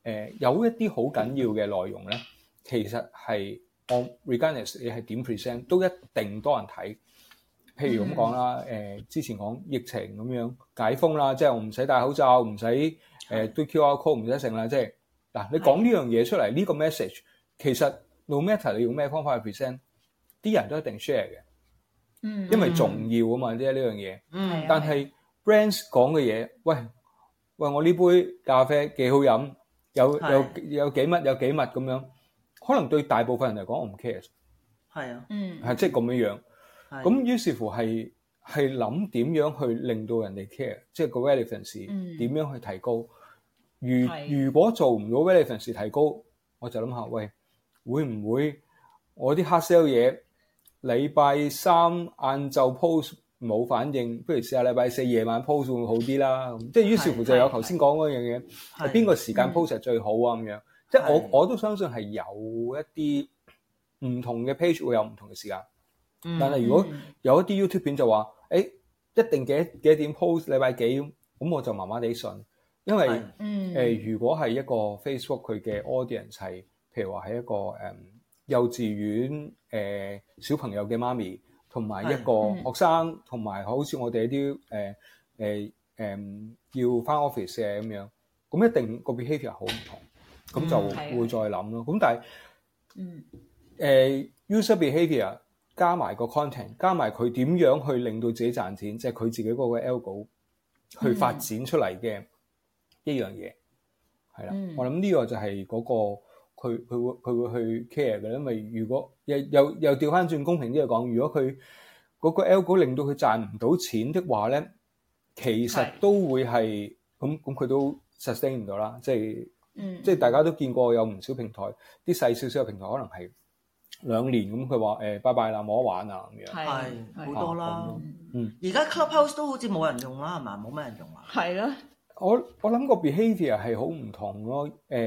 誒有一啲好緊要嘅內容咧，其實係我 regardless 你係點 present 都一定多人睇。譬如咁講啦，誒是、呃、之前講疫情咁樣解封啦，即係唔使戴口罩，唔使誒嘟 QR code 唔使成啦，即係。嗱，你講呢樣嘢出嚟，呢個 message 其實 no matter 你用咩方法去 present，啲人都一定 share 嘅，嗯，因為重要啊嘛，即係呢樣嘢。嗯，但係 brands 講嘅嘢，喂喂，我呢杯咖啡幾好飲，有有有幾乜有幾密咁樣，可能對大部分人嚟講我唔 care，係啊，嗯，係即係咁樣樣。咁於是乎係係諗點樣去令到人哋 care，即係個 relevance，點樣去提高？如如果做唔到 relevance 提高，我就諗下喂，會唔會我啲 hard sell 嘢禮拜三晏晝 post 冇反應，不如試下禮拜四夜晚 post 會好啲啦。即係於是乎就是有頭先講嗰樣嘢，邊個時間 post 係最好啊？咁是樣即係我是我都相信係有一啲唔同嘅 page 會有唔同嘅時間，但係如果有一啲 YouTube 片就話誒，一定幾幾點 post 禮拜幾咁，我就麻麻地信。因為，嗯，誒、呃，如果係一個 Facebook，佢嘅 audience 係，譬如話係一個誒、um, 幼稚園誒、呃、小朋友嘅媽咪，同埋一個學生，同埋、嗯、好似我哋啲誒誒誒要返 office 嘅咁樣，咁一定個 behavior 好唔同，咁就會再諗咯。咁的但係，嗯、呃，誒 user behavior 加埋個 content，加埋佢點樣去令到自己賺錢，即係佢自己嗰個 algo 去發展出嚟嘅、嗯。一樣嘢係啦，我諗呢個就係嗰個佢佢會佢會去 care 嘅。因為如果又又又調翻轉公平啲嚟講，如果佢嗰、嗰個 algo 令到佢賺唔到錢的話咧，其實都會係咁咁佢都 sustain 唔到啦，即係是的 即係大家都見過有唔少平台啲細少少嘅平台，可能係兩年咁佢話誒拜拜啦，冇得、呃、玩啊咁樣，係好多啦。嗯，而家 Clubhouse 都好似冇人用啦，係嘛？冇咩人用啊，係咯。我我諗個 behavior 係好唔同咯，誒，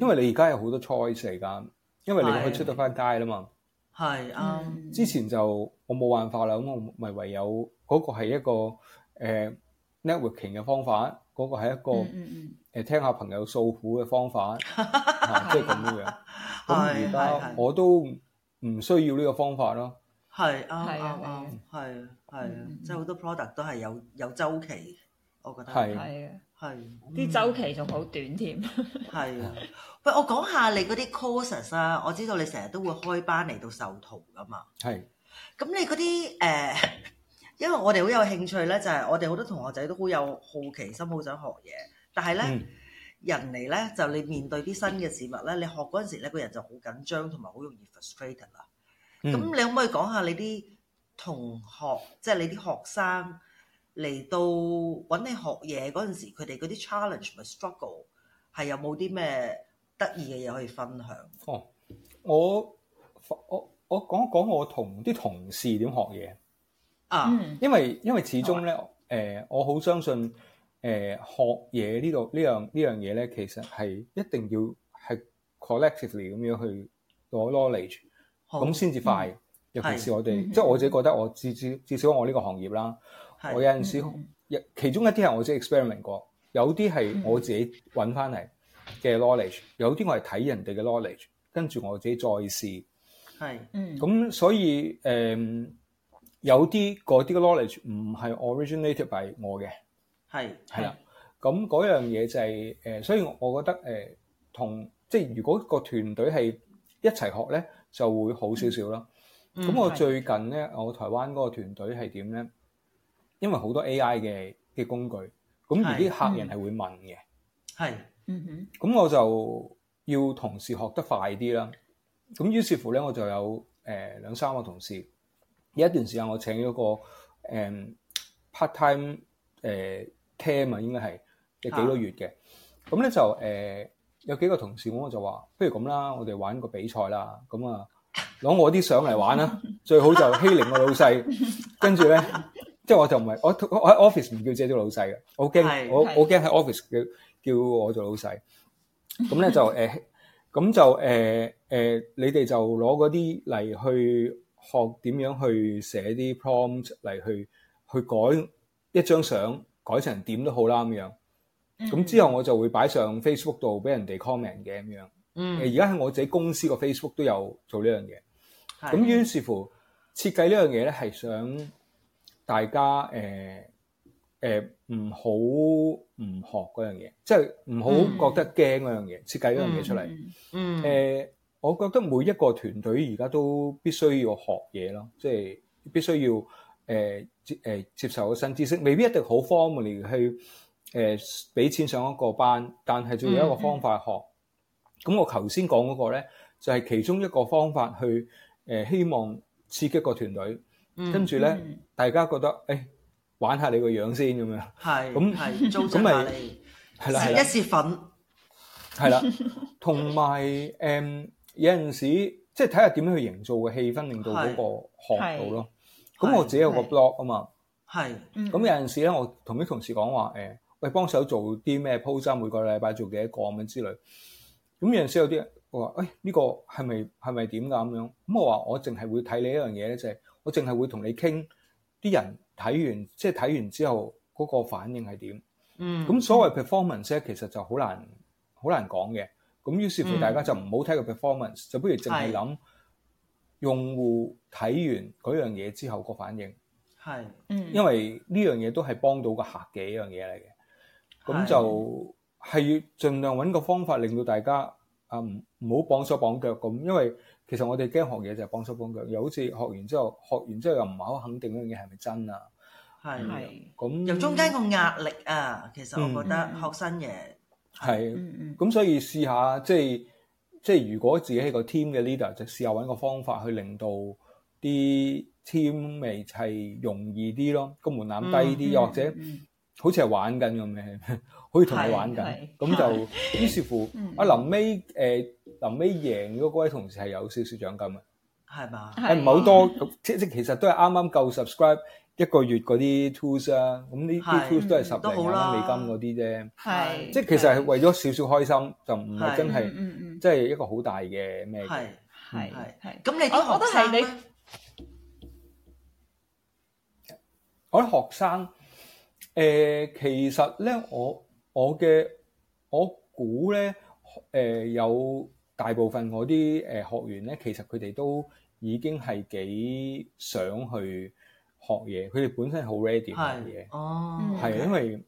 因為你而家有好多 choice 嚟噶因為你可以出得翻街啦嘛。係，啱。之前就我冇辦法啦，咁我咪唯有嗰個係一個誒 networking 嘅方法，嗰個係一個誒聽下朋友訴苦嘅方法，即係咁樣樣。咁而家我都唔需要呢個方法咯。係啱啱啱，係啊係啊，即係好多 product 都係有有周期，我覺得係。係，啲周是、嗯、期仲好短添。係啊，喂，我講下你嗰啲 courses 啊，我知道你成日都會開班嚟到授徒㗎嘛。係是，咁你嗰啲誒，因為我哋好有興趣咧，就係、是、我哋好多同學仔都好有好奇心，好想學嘢。但係咧，嗯、人嚟咧就你面對啲新嘅事物咧，你學嗰陣時咧個人就好緊張，同埋好容易 frustrated 啦。咁、嗯、你可唔可以講下你啲同學，即、就、係、是、你啲學生？嚟到揾你學嘢嗰陣時，佢哋嗰啲 challenge 咪 struggle 係有冇啲咩得意嘅嘢可以分享？哦，我我我講一講我同啲同事點學嘢啊！因為因為始終咧，誒吧、呃、我好相信誒、呃、學嘢、這個這個這個、呢個呢樣呢樣嘢咧，其實係一定要係 collectively 咁樣去攞 knowledge，咁先至快。嗯、尤其是我哋，即係的我自己覺得我，我至少至少我呢個行業啦。我有陣時其中一啲係我自己 experiment 過，有啲係我自己揾翻嚟嘅 knowledge，有啲我係睇人哋嘅 knowledge，跟住我自己再試。係是，嗯。咁所以誒、呃，有啲嗰啲嘅 knowledge 唔係 originated by 我嘅。係是，係啦。咁嗰樣嘢就係、是、誒、呃，所以我覺得誒、呃，同即係如果個團隊係一齊學咧，就會好少少囉。咁、嗯、我最近咧，的我台灣嗰個團隊係點咧？因為好多 AI 嘅嘅工具，咁而啲客人係會問嘅，係，咁、嗯、我就要同事學得快啲啦。咁於是乎咧，我就有誒兩、呃、三個同事。有一段時間，我請咗個誒、呃、part time 誒、呃、team 啊，應該係嘅幾多個月嘅。咁咧就誒有幾個同事，我我就話不如咁啦，我哋玩個比賽啦。咁啊攞我啲相嚟玩啦， 最好就欺凌個老細，跟住咧。 即係我就唔係我我喺 office 唔叫自己做老細嘅，我驚我我驚喺 office 叫叫我做老細。咁咧就誒，咁、呃、 就誒誒、呃呃，你哋就攞嗰啲嚟去學點樣去寫啲 prompt 嚟去去改一張相改成點都好啦咁樣。咁、嗯、之後我就會擺上 Facebook 度俾人哋 comment 嘅咁樣。嗯，而家喺我自己公司個 Facebook 都有做呢樣嘢。咁的於是乎設計呢樣嘢咧，係想。大家誒誒唔好唔學嗰樣嘢，即係唔好覺得驚嗰樣嘢，設計嗰樣嘢出嚟、嗯。嗯，誒、呃，我覺得每一個團隊而家都必須要學嘢咯，即係必須要誒、呃、接誒、呃、接受個新知識。未必一定好 formally 去誒俾、呃、錢上一個班，但係仲有一個方法學。咁、嗯嗯、我頭先講嗰個咧，就係、是、其中一個方法去誒、呃、希望刺激個團隊。跟住咧，大家覺得誒、哎、玩下你個樣先咁樣，係咁咁咪試一試粉係啦，同埋誒有陣、嗯、時即係睇下點樣去營造嘅氣氛，令到嗰個學到咯。咁我自己有個 blog 啊嘛，係咁有陣時咧，我同啲同事講話誒，喂、欸、幫手做啲咩 post，每個禮拜做幾多個咁樣之類。咁有陣時有啲人我話誒呢個係咪係咪點㗎咁樣？咁我話我淨係會睇你一樣嘢咧，就係、是。我淨係會同你傾啲人睇完，即係睇完之後嗰個反應係點？嗯，咁所謂 performance 咧，其實就好難好難講嘅。咁於是乎，大家就唔好睇個 performance，嗯，就不如淨係諗用戶睇完嗰樣嘢之後個反應。係，嗯，因為呢樣嘢都係幫到個客嘅一樣嘢嚟嘅。咁就係要盡量揾個方法，令到大家啊唔唔好綁手綁腳咁，因為。其實我哋驚學嘢就係幫手幫腳，又好似學完之後，學完之後又唔係好肯定嗰樣嘢係咪真啊？係。咁由中間個壓力啊，其實我覺得學新嘢係。咁所以試下，即係即係如果自己係個 team 嘅 leader，就試下搵個方法去令到啲 team 咪係容易啲咯，個門檻低啲，又或者好似係玩緊咁樣，可以同你玩緊，咁就於是乎，啊臨尾誒。臨尾贏嗰位同事係有少少獎金啊，係嘛？係唔係好多，即即其實都係啱啱夠 subscribe 一個月嗰啲 tools 啊，咁呢啲 tools 都係十零蚊美金嗰啲啫，係即其實係為咗少少開心，就唔係真係，即係英文一個好大嘅咩？係係係。咁英文那你我覺得係你。我啲學生，誒、欸，其實咧，我我嘅我，我估咧，誒、呃、有。有大部分我啲誒學員咧，其實佢哋都已經係幾想去學嘢，佢哋本身好 ready 嘅嘢。哦，係因為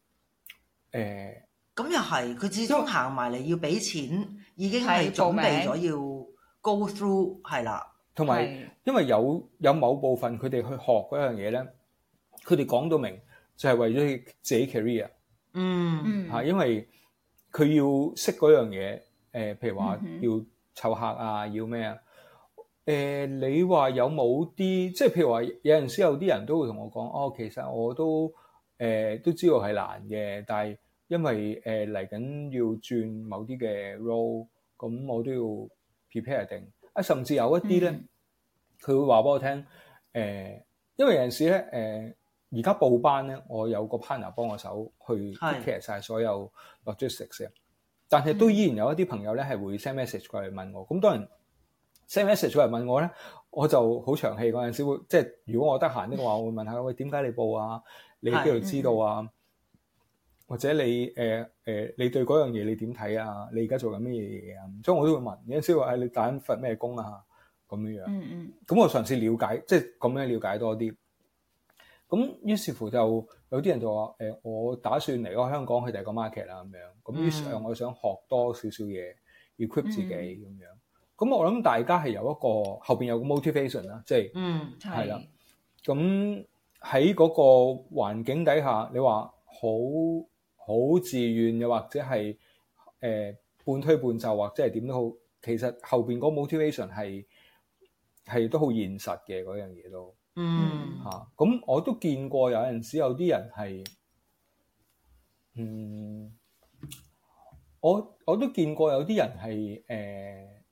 誒，咁又係佢始終行埋嚟要俾錢，為已經係準備咗要 go through 係啦。同埋因為有有某部分佢哋去學嗰樣嘢咧，佢哋講到明就係為咗自己 career，嗯。嗯，嚇，因為佢要識嗰樣嘢。誒、呃，譬如話要湊客啊，要咩啊？誒、呃，你話有冇啲？即係譬如話，有陣時有啲人都會同我講，哦，其實我都誒、呃、都知道係難嘅，但係因為誒嚟緊要轉某啲嘅 role，咁我都要 prepare 定。啊，甚至有一啲咧，佢、嗯、會話俾我聽，誒、呃，因為有陣時咧，誒、呃，而家報班咧，我有個 partner 幫我手去 prepare 晒所有 logistics 啊。但係都依然有一啲朋友咧係會 send message 過嚟問我，咁當然 send message 過嚟問我咧，我就好長氣嗰陣時會，即係如果我得閒嘅話，我會問下，喂，點解你報啊？你喺邊度知道啊？嗯、或者你誒誒、呃呃，你對嗰樣嘢你點睇啊？你而家做緊咩嘢嘢啊？所以我都會問，有陣時話誒、哎，你打緊份咩工啊？咁樣樣、嗯，嗯嗯，咁我嘗試了解，即係咁樣了解多啲。咁於是乎就。有啲人就話：誒、呃，我打算嚟咗香港去第二個 market 啦，咁樣。咁於是我想學多少少嘢，equip 自己咁樣。咁我諗大家係有一個後邊有個 motivation 啦，即係、嗯，係啦。咁喺嗰個環境底下，你話好好自願又或者係誒、呃、半推半就，或者係點都好。其實後邊嗰 motivation 係係都好現實嘅嗰樣嘢都。Mm. 嗯，吓，咁我都見過有陣時有啲人係，嗯，我我都見過有啲人係，誒、呃，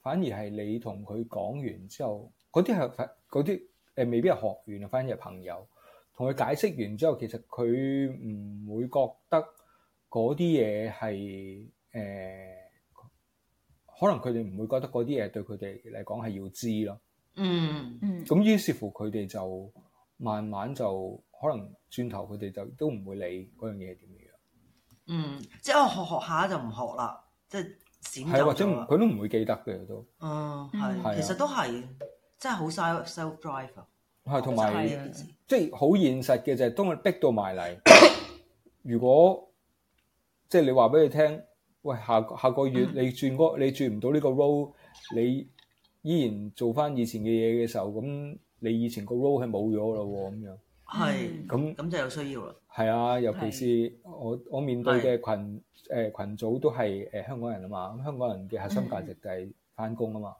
反而係你同佢講完之後，嗰啲係，嗰啲誒、呃、未必係學員啊，反而係朋友，同佢解釋完之後，其實佢唔會覺得嗰啲嘢係，誒、呃，可能佢哋唔會覺得嗰啲嘢對佢哋嚟講係要知咯。嗯，咁於是乎佢哋就慢慢就可能轉頭，佢哋就都唔會理嗰樣嘢係點樣。嗯，即係我學學下就唔學啦，即係閃走或者佢都唔會記得嘅都。哦、嗯，係、啊，其實都係，即係好晒 self drive。係，同埋即係好現實嘅就係，當佢逼到埋嚟，如果即係你話俾佢聽，喂，下下個月你轉、嗯、你轉唔到呢個 role，你。依然做翻以前嘅嘢嘅時候，咁你以前個 role 係冇咗咯，咁樣係，咁咁、嗯那嗯、就有需要啦。係啊，尤其是我是我，我面對嘅群誒、呃、群組都係誒、呃、香港人啊嘛，咁香港人嘅核心價值就係翻工啊嘛，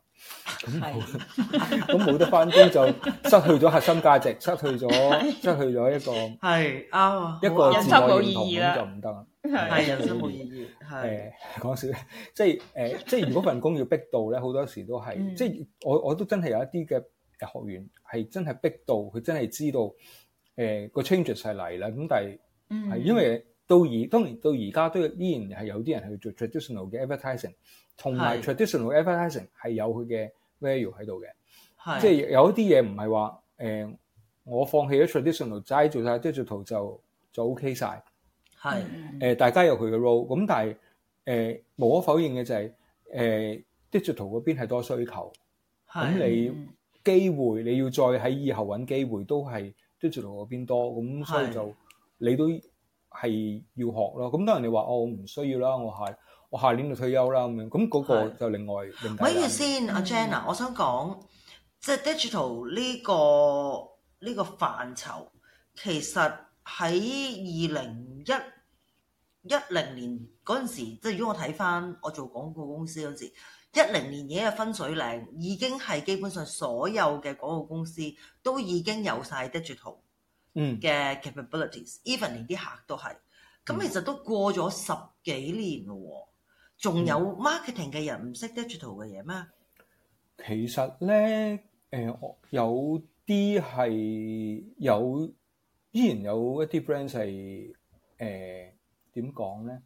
咁冇咁冇得翻工就失去咗核心價值，失去咗失去咗一個係啱， 哦、一個自我認同咁就唔得啦。係、啊、人生冇意義。係講， 呃、笑，即係誒、呃，即係如果份工要逼到咧，好 多時都係，嗯、即係我我都真係有一啲嘅學員係真係逼到，佢真係知道誒個 change 就係嚟啦。咁、呃、但係係、嗯、因為到而當然到而家都依然係有啲人去做 traditional 嘅 ad trad advertising，同埋 traditional advertising 係有佢嘅 value 喺度嘅。即係是有一啲嘢唔係話誒，我放棄咗 traditional 齋做晒即係做圖就就 OK 晒。係，誒、嗯、大家有佢嘅 role，咁但係誒、呃、無可否認嘅就係、是、誒、呃、digital 嗰邊係多需求，咁是你機會你要再喺以後揾機會都係 digital 嗰邊多，咁所以就是你都係要學咯。咁當然你話哦唔需要啦，我係我下年就退休啦咁樣，咁、那、嗰個就另外問。咪住是先，阿、嗯、Jenna，、啊、我想講即係、就是、digital 呢、這個呢、這個範疇其實。喺二零一一零年嗰陣時，即係如果我睇返我做廣告公司嗰陣時，一零 年已經係分水嶺，已經係基本上所有嘅廣告公司都已經有晒 digital 嘅、嗯、capabilities，even 連啲客都係。咁其實都過咗十幾年咯喎、哦，仲、嗯、有 marketing 嘅人唔識 digital 嘅嘢咩？其實咧，誒、呃，有啲係有。依然有一啲 friend 係誒點講咧？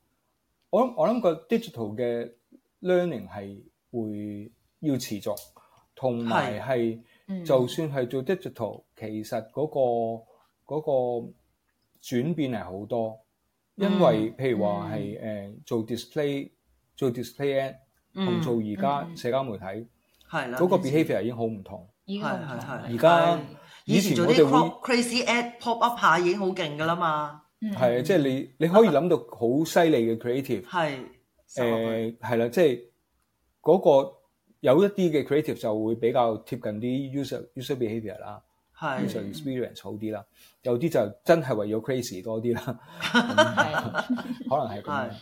我諗我諗個 digital 嘅 learning 係會要持續，同埋係就算係做 digital，、嗯、其實嗰個嗰個轉變係好多。因為、嗯、譬如話係誒做 display、做 display app 同做而家、嗯、社交媒體，係啦、嗯，嗰、嗯、個 behavior 已經好唔同。而家的。以前，我哋會以前做啲 crazy ad pop up 下已經好勁噶啦嘛，係啊、嗯，即係你你可以諗到好犀利嘅 creative，係、嗯，誒係啦，即係嗰個有一啲嘅 creative 就會比較貼近啲 user user behavior 啦的，係 user experience 好啲啦，有啲就真係為咗 crazy 多啲啦，可能係咁 的，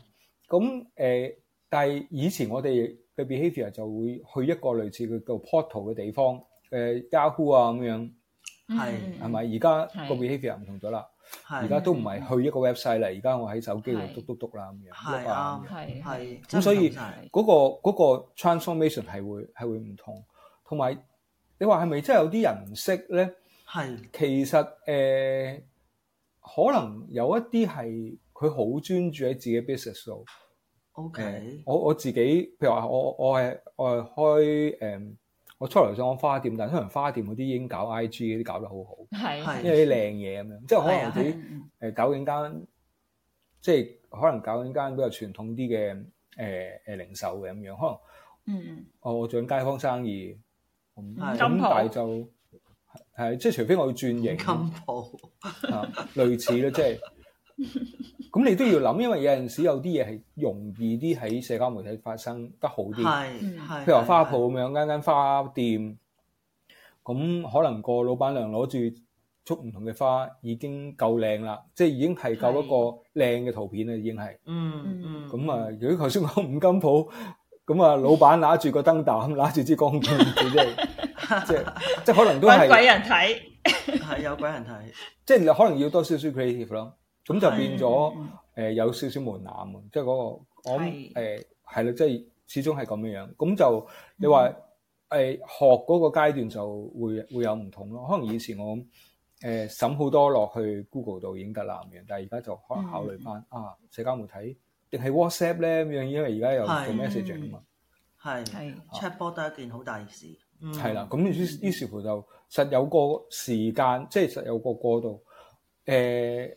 咁誒、呃，但係以前我哋嘅 behavior 就會去一個類似佢叫 portal 嘅地方，誒、呃、Yahoo 啊咁樣。係，係咪而家個 behavior 唔同咗啦？而家是都唔係去一個 website 啦，而家我喺手機度嘟嘟篤啦咁樣。係啊，係。咁所以嗰、嗰個嗰個 transformation 係會係會唔同，同埋你話係咪真有啲人唔識咧？係是，其實誒、呃、可能有一啲係佢好專注喺自己 business 度。OK，、呃、我我自己譬如話，我我係我係開誒。嗯我初頭想講花店，但係通常花店嗰啲已經搞 IG 嗰啲搞得好好，的因為啲靚嘢咁樣，的即係可能自己誒搞緊間，哎、呀即係可能搞緊間比較傳統啲嘅誒誒零售嘅咁樣，可能嗯，我、哦、我做緊街坊生意咁，但係就係即係除非我要轉型金鋪泡， 類似咯，即、就、係、是。 咁 你都要諗，因為有陣時有啲嘢係容易啲喺社交媒體發生得好啲，係譬如話花鋪咁樣間間花店，咁可能個老闆娘攞住束唔同嘅花已經夠靚啦，即係已經係夠一個靚嘅圖片啦，已經係，嗯嗯，咁啊，如果頭先講五金鋪，咁啊，老闆拿住個燈膽，拿住支光鏡，即 即係即係可能都係鬼人睇，係有鬼人睇， 即係可能要多少少 creative 咯。咁就變咗誒的、呃、有少少門檻喎，即係嗰、那個我誒係啦，即係的、呃、始終係咁樣樣。咁就你話誒、嗯呃、學嗰個階段就會會有唔同咯。可能以前我誒、呃、審好多落去 Google 度已經得啦嘅，但係而家就可能考慮返的啊社交媒體定係 WhatsApp 咧咁樣，因為而家又做 message 嘛。係係，check 波都係一件好大事。係啦，咁於於是乎的就實有個時間，即係實有個過渡。誒、呃。嗯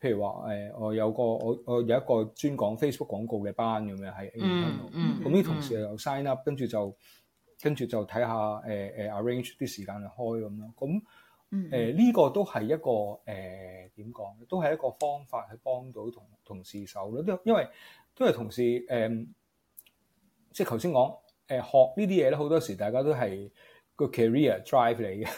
譬如話誒、呃，我有個我我有一個專講 Facebook 廣告嘅班咁樣喺 A 度。咁啲、um, um, um，同事又 sign up，跟住就跟住就睇下誒、啊、誒 arrange 啲時間去開咁樣。咁誒呢個都係一個誒點講？都係一個方法去幫到同同事手咯。都因為都係同事誒、嗯，即係頭先講誒學呢啲嘢咧，好多時大家都係個 career drive 嚟嘅，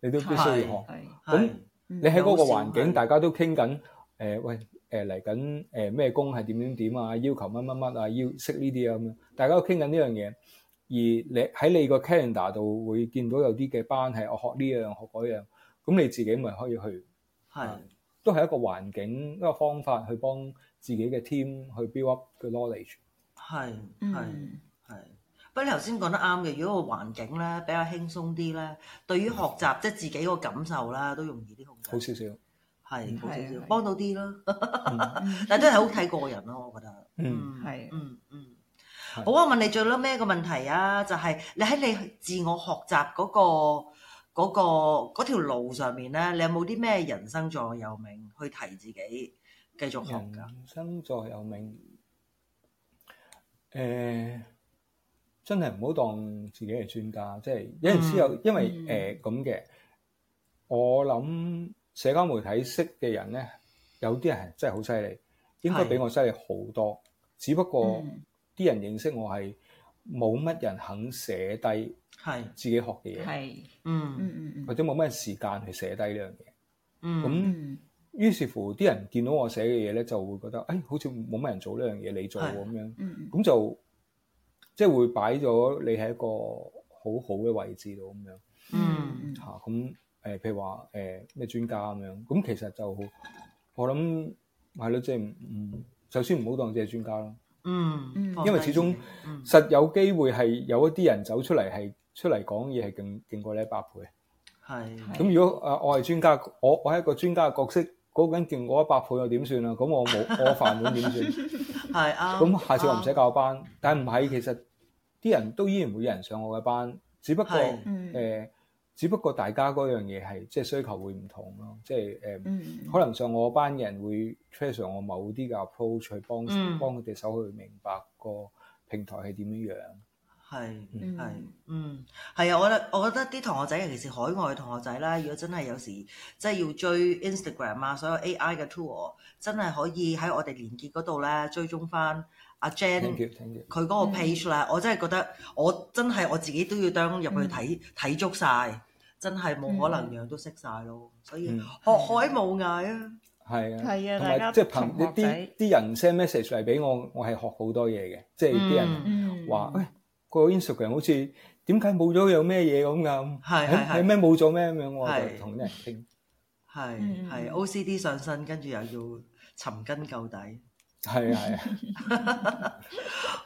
你都必須要學。咁你喺嗰個環境，大家都傾緊。.誒喂，誒嚟緊誒咩工係點點點啊？要求乜乜乜啊？要識呢啲啊咁樣，大家都傾緊呢樣嘢。而你喺你個 calendar 度會見到有啲嘅班係我學呢樣學嗰樣，咁你自己咪可以去。係是、啊，都係一個環境一個方法去幫自己嘅 team 去 build up 個 knowledge。係係係，不過、嗯、你頭先講得啱嘅，如果個環境咧比較輕鬆啲咧，對於學習、嗯、即係自己個感受啦，都容易啲控制。好少少。係好少少，幫的到啲咯，嗯、 但係都係好睇個人咯、啊，我覺得。嗯，係的，嗯嗯，的好啊！問你最尾咩個問題啊？就係、是、你喺你自我學習嗰、那個嗰、那個條路上面咧，你有冇啲咩人生座右銘去提自己繼續學？人生座右銘，誒、呃，真係唔好當自己係專家，即、就、係、是、有陣時有，嗯、因為誒咁嘅，我諗。社交媒體識嘅人咧，有啲人真係好犀利，應該比我犀利好多。是只不過啲、嗯、人認識我係冇乜人肯寫低，係自己學嘅嘢，係嗯嗯嗯或者冇乜時間去寫低呢樣嘢。咁、嗯、那於是乎啲人見到我寫嘅嘢咧，就會覺得誒、哎，好似冇乜人做呢樣嘢，你做咁樣，咁就即係會擺咗你喺一個好好嘅位置度咁樣。嗯，嚇咁。就是誒、呃，譬如話誒咩專家咁樣，咁其實就好。我諗係咯，即係唔首先唔好當自己係專家咯。嗯，嗯因為始終、嗯、實有機會係有一啲人走出嚟係出嚟講嘢係更勁過你一百倍。係咁是的 如果啊、呃，我係專家，我我係一個專家嘅角色，嗰個人勁過一百倍又點算啊？咁我冇我飯碗點算？係啊。咁下次我唔使教班，但係唔係，其實啲人都依然會有人上我嘅班，只不過誒。嗯呃呃嗯只不過大家嗰樣嘢係即係需求會唔同咯，即係誒，嗯嗯、可能上我班人會 trace 上我某啲嘅 approach 去幫、嗯、幫佢哋手去明白個平台係點樣樣。係係是嗯係啊！我是、嗯、我覺得啲同學仔尤其是海外同學仔咧，如果真係有時即係要追 Instagram 啊，所有 AI 嘅 tool 真係可以喺我哋連結嗰度咧追蹤翻阿 Jan 佢嗰個 page 啦、嗯。我真係覺得我真係我自己都要當入去睇睇足晒。看 mm. 真係冇可能樣樣都識晒咯，所以學海無涯啊！係、嗯、啊，係啊，啊同埋即係憑啲啲人 send message 嚟俾我，我係學好多嘢嘅。即係啲人話，喂、嗯嗯哎，個 Instagram 好似點解冇咗有咩嘢咁㗎？係係咩冇咗咩咁樣？我同啲人傾，係係 OCD 上身，跟住又要尋根究底。係啊！係啊！